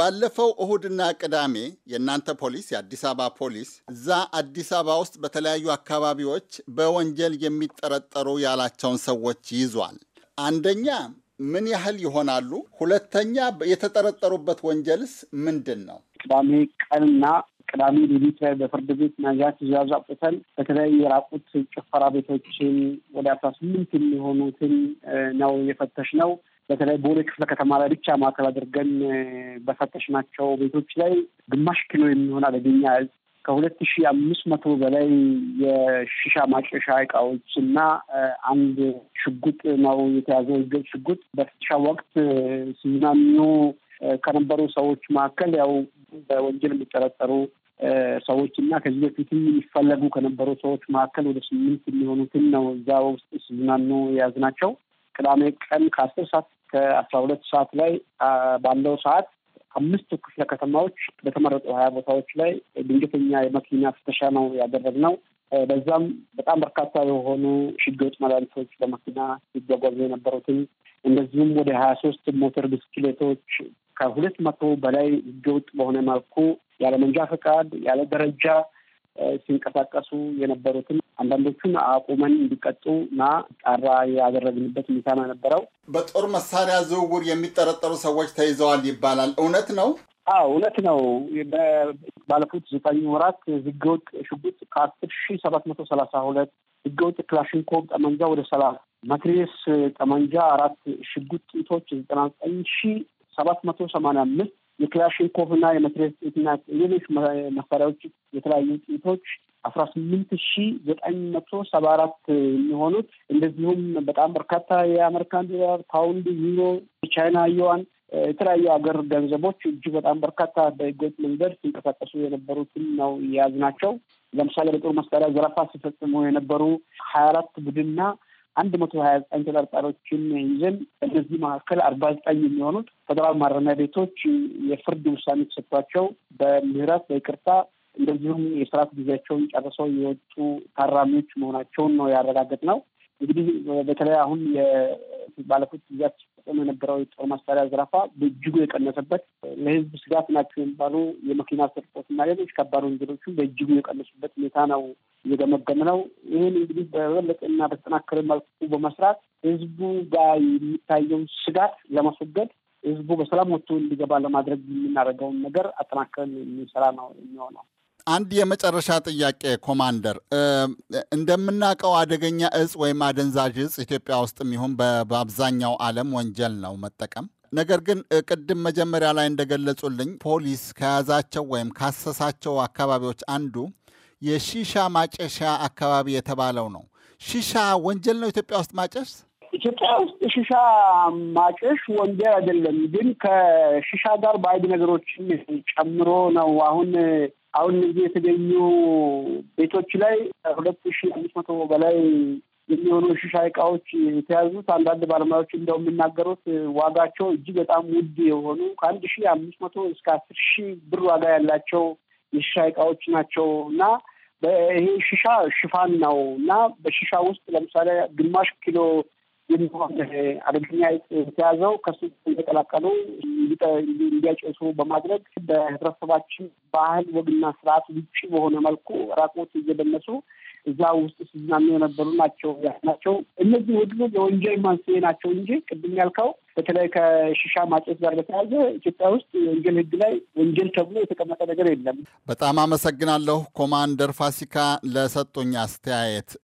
ባለፈው እሁድና ቅዳሜ የእናንተ ፖሊስ የአዲስ አበባ ፖሊስ እዛ አዲስ አበባ ውስጥ በተለያዩ አካባቢዎች በወንጀል የሚጠረጠሩ ያላቸውን ሰዎች ይዟል። አንደኛ ምን ያህል ይሆናሉ? ሁለተኛ የተጠረጠሩበት ወንጀልስ ምንድን ነው? ቅዳሜ ቀንና ቅዳሜ ሌሊት ላይ በፍርድ ቤት መያዣ ትእዛዝ አውጥተን በተለያዩ የራቁት ጭፈራ ቤቶችን ወደ አስራ ስምንት የሚሆኑትን ነው የፈተሽ ነው። በተለይ ቦሌ ክፍለ ከተማ ላይ ብቻ ማዕከል አድርገን በፈተሽናቸው ቤቶች ላይ ግማሽ ኪሎ የሚሆን አደገኛ እጽ ከሁለት ሺ አምስት መቶ በላይ የሺሻ ማጨሻ እቃዎች እና አንድ ሽጉጥ ነው የተያዘው። ህገ ሽጉጥ በፍተሻ ወቅት ሲዝናኑ ከነበሩ ሰዎች መካከል ያው በወንጀል የሚጠረጠሩ ሰዎች እና ከዚህ በፊት የሚፈለጉ ከነበሩ ሰዎች መካከል ወደ ስምንት የሚሆኑትን ነው እዛ ውስጥ ሲዝናኑ የያዝናቸው። ቅዳሜ ቀን ከአስር ሰዓት ከአስራ ሁለት ሰዓት ላይ ባለው ሰዓት አምስቱ ክፍለ ከተማዎች በተመረጡ ሀያ ቦታዎች ላይ ድንገተኛ የመኪና ፍተሻ ነው ያደረግነው። በዛም በጣም በርካታ የሆኑ ሕገ መድኃኒቶች በመኪና ሲጓጓዙ የነበሩትን እንደዚሁም ወደ ሀያ ሶስት ሞተር ብስክሌቶች ከሁለት መቶ በላይ ሕገ በሆነ መልኩ ያለ መንጃ ፈቃድ ያለ ደረጃ ሲንቀሳቀሱ የነበሩትን አንዳንዶቹን አቁመን እንዲቀጡ ና ጣራ ያደረግንበት ሁኔታ ነው የነበረው። በጦር መሳሪያ ዝውውር የሚጠረጠሩ ሰዎች ተይዘዋል ይባላል። እውነት ነው? አዎ እውነት ነው። ባለፉት ዘጠኝ ወራት ህገወጥ ሽጉጥ ከአስር ሺ ሰባት መቶ ሰላሳ ሁለት ህገወጥ ክላሽንኮቭ ጠመንጃ ወደ ሰላሳ ማትሪስ ጠመንጃ አራት ሽጉጥ ጥይቶች ዘጠና ዘጠኝ ሺ ሰባት መቶ ሰማንያ አምስት የክላሽንኮቭ እና የመትሬስ ጥይትና የሌሎች መሳሪያዎች የተለያዩ ጥይቶች አስራ ስምንት ሺ ዘጠኝ መቶ ሰባ አራት የሚሆኑት እንደዚሁም በጣም በርካታ የአሜሪካን ዶላር፣ ፓውንድ፣ ዩሮ፣ የቻይና ዩዋን የተለያዩ ሀገር ገንዘቦች እጅግ በጣም በርካታ በህገወጥ መንገድ ሲንቀሳቀሱ የነበሩትን ነው የያዝናቸው። ለምሳሌ በጦር መሳሪያ ዘረፋ ሲፈጽሙ የነበሩ ሀያ አራት ቡድንና አንድ መቶ ሀያ ዘጠኝ ተጠርጣሪዎችን ይዘን እነዚህ መካከል አርባ ዘጠኝ የሚሆኑት ፌደራል ማረሚያ ቤቶች የፍርድ ውሳኔ ተሰጥቷቸው በምህረት በይቅርታ እንደዚሁም የስርዓት ጊዜያቸውን ጨርሰው የወጡ ታራሚዎች መሆናቸውን ነው ያረጋገጥ ነው። እንግዲህ በተለይ አሁን ባለፉት ጊዜያት ሲፈጸም የነበረው የጦር መሳሪያ ዝረፋ በእጅጉ የቀነሰበት ለህዝብ ስጋት ናቸው የሚባሉ የመኪና ስርቆት እና ሌሎች ከባድ ወንጀሎችን በእጅጉ የቀነሱበት ሁኔታ ነው እየገመገም ነው። ይህን እንግዲህ በበለጠና በተጠናከረ መልኩ በመስራት ህዝቡ ጋር የሚታየውን ስጋት ለማስወገድ ህዝቡ በሰላም ወጥቶ እንዲገባ ለማድረግ የምናደርገውን ነገር አጠናክረን የሚሰራ ነው የሚሆነው። አንድ የመጨረሻ ጥያቄ ኮማንደር፣ እንደምናውቀው አደገኛ እጽ ወይም አደንዛዥ እጽ ኢትዮጵያ ውስጥም ይሁን በአብዛኛው ዓለም ወንጀል ነው መጠቀም። ነገር ግን ቅድም መጀመሪያ ላይ እንደገለጹልኝ ፖሊስ ከያዛቸው ወይም ካሰሳቸው አካባቢዎች አንዱ የሺሻ ማጨሻ አካባቢ የተባለው ነው። ሺሻ ወንጀል ነው ኢትዮጵያ ውስጥ ማጨስ? ኢትዮጵያ ውስጥ ሺሻ ማጨሽ ወንጀል አይደለም፣ ግን ከሺሻ ጋር በአይድ ነገሮችን ጨምሮ ነው አሁን አሁን እዚህ የተገኙ ቤቶች ላይ ሁለት ሺ አምስት መቶ በላይ የሚሆኑ ሽሻ እቃዎች የተያዙት አንዳንድ ባለሙያዎች እንደው የሚናገሩት ዋጋቸው እጅግ በጣም ውድ የሆኑ ከአንድ ሺ አምስት መቶ እስከ አስር ሺ ብር ዋጋ ያላቸው የሽሻ እቃዎች ናቸው እና ይሄ ሽሻ ሽፋን ነው እና በሽሻ ውስጥ ለምሳሌ ግማሽ ኪሎ የሚሆን አደገኛ የተያዘው ከሱ እንደቀላቀሉ እንዲያጨሱ በማድረግ በህብረተሰባችን ባህል ወግና ስርዓት ውጭ በሆነ መልኩ ራቆት እየደነሱ እዛ ውስጥ ሲዝናኑ የነበሩ ናቸው ናቸው። እነዚህ ሁሉ የወንጀል መንስኤ ናቸው እንጂ ቅድም ያልከው በተለይ ከሽሻ ማጨስ ጋር በተያያዘ ኢትዮጵያ ውስጥ የወንጀል ህግ ላይ ወንጀል ተብሎ የተቀመጠ ነገር የለም። በጣም አመሰግናለሁ ኮማንደር ፋሲካ ለሰጡኝ አስተያየት።